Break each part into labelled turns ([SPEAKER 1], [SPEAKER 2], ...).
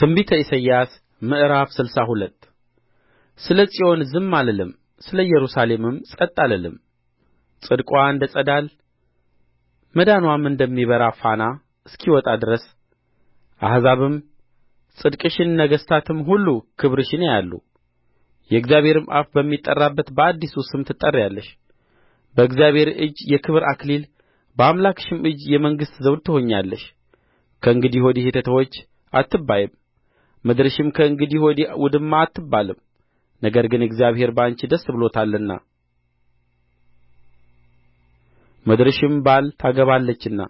[SPEAKER 1] ትንቢተ ኢሳይያስ ምዕራፍ ስልሳ ሁለት ስለ ጽዮን ዝም አልልም ስለ ኢየሩሳሌምም ጸጥ አልልም ጽድቋ እንደ ጸዳል መዳንዋም እንደሚበራ ፋና እስኪወጣ ድረስ አሕዛብም ጽድቅሽን ነገሥታትም ሁሉ ክብርሽን ያያሉ። የእግዚአብሔርም አፍ በሚጠራበት በአዲሱ ስም ትጠሪያለሽ። በእግዚአብሔር እጅ የክብር አክሊል በአምላክሽም እጅ የመንግሥት ዘውድ ትሆኛለሽ። ከእንግዲህ ወዲህ የተተወች አትባይም ምድርሽም ከእንግዲህ ወዲህ ውድማ አትባልም ነገር ግን እግዚአብሔር በአንቺ ደስ ብሎታልና ምድርሽም ባል ታገባለችና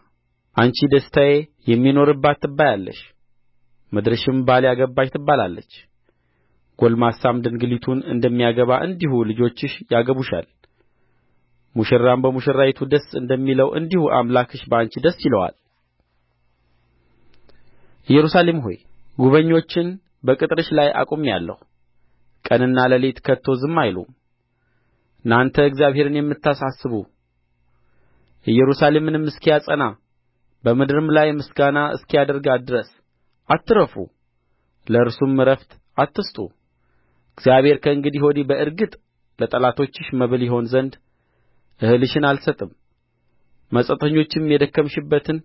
[SPEAKER 1] አንቺ ደስታዬ የሚኖርባት ትባያለሽ ምድርሽም ባል ያገባች ትባላለች ጕልማሳም ድንግሊቱን እንደሚያገባ እንዲሁ ልጆችሽ ያገቡሻል ሙሽራም በሙሽራይቱ ደስ እንደሚለው እንዲሁ አምላክሽ በአንቺ ደስ ይለዋል ኢየሩሳሌም ሆይ ጕበኞችን በቅጥርሽ ላይ አቁሜአለሁ ቀንና ሌሊት ከቶ ዝም አይሉም እናንተ እግዚአብሔርን የምታሳስቡ ኢየሩሳሌምንም እስኪያጸና በምድርም ላይ ምስጋና እስኪያደርጋት ድረስ አትረፉ ለእርሱም ዕረፍት አትስጡ እግዚአብሔር ከእንግዲህ ወዲህ በእርግጥ ለጠላቶችሽ መብል ይሆን ዘንድ እህልሽን አልሰጥም መጻተኞችም የደከምሽበትን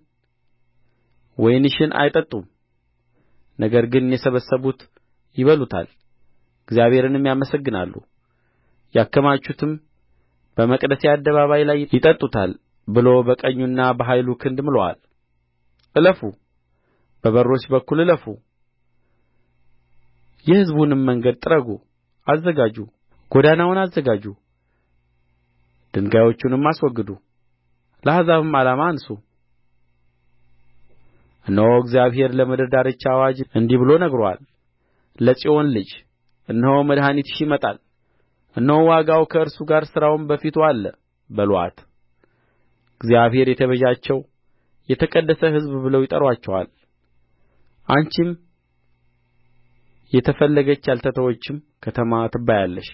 [SPEAKER 1] ወይንሽን አይጠጡም ነገር ግን የሰበሰቡት ይበሉታል እግዚአብሔርንም ያመሰግናሉ ያከማቹትም በመቅደሴ አደባባይ ላይ ይጠጡታል ብሎ በቀኙና በኃይሉ ክንድ ምሎአል እለፉ በበሮች በኩል እለፉ የሕዝቡንም መንገድ ጥረጉ አዘጋጁ ጐዳናውን አዘጋጁ ድንጋዮቹንም አስወግዱ ለአሕዛብም ዓላማ አንሡ እነሆ እግዚአብሔር ለምድር ዳርቻ አዋጅ እንዲህ ብሎ ነግሮአል ለጽዮን ልጅ እነሆ መድኃኒትሽ ይመጣል እነሆ ዋጋው ከእርሱ ጋር ሥራውም በፊቱ አለ በሉአት እግዚአብሔር የተቤዣቸው የተቀደሰ ሕዝብ ብለው ይጠሯቸዋል። አንቺም የተፈለገች ያልተተወችም ከተማ ትባያለሽ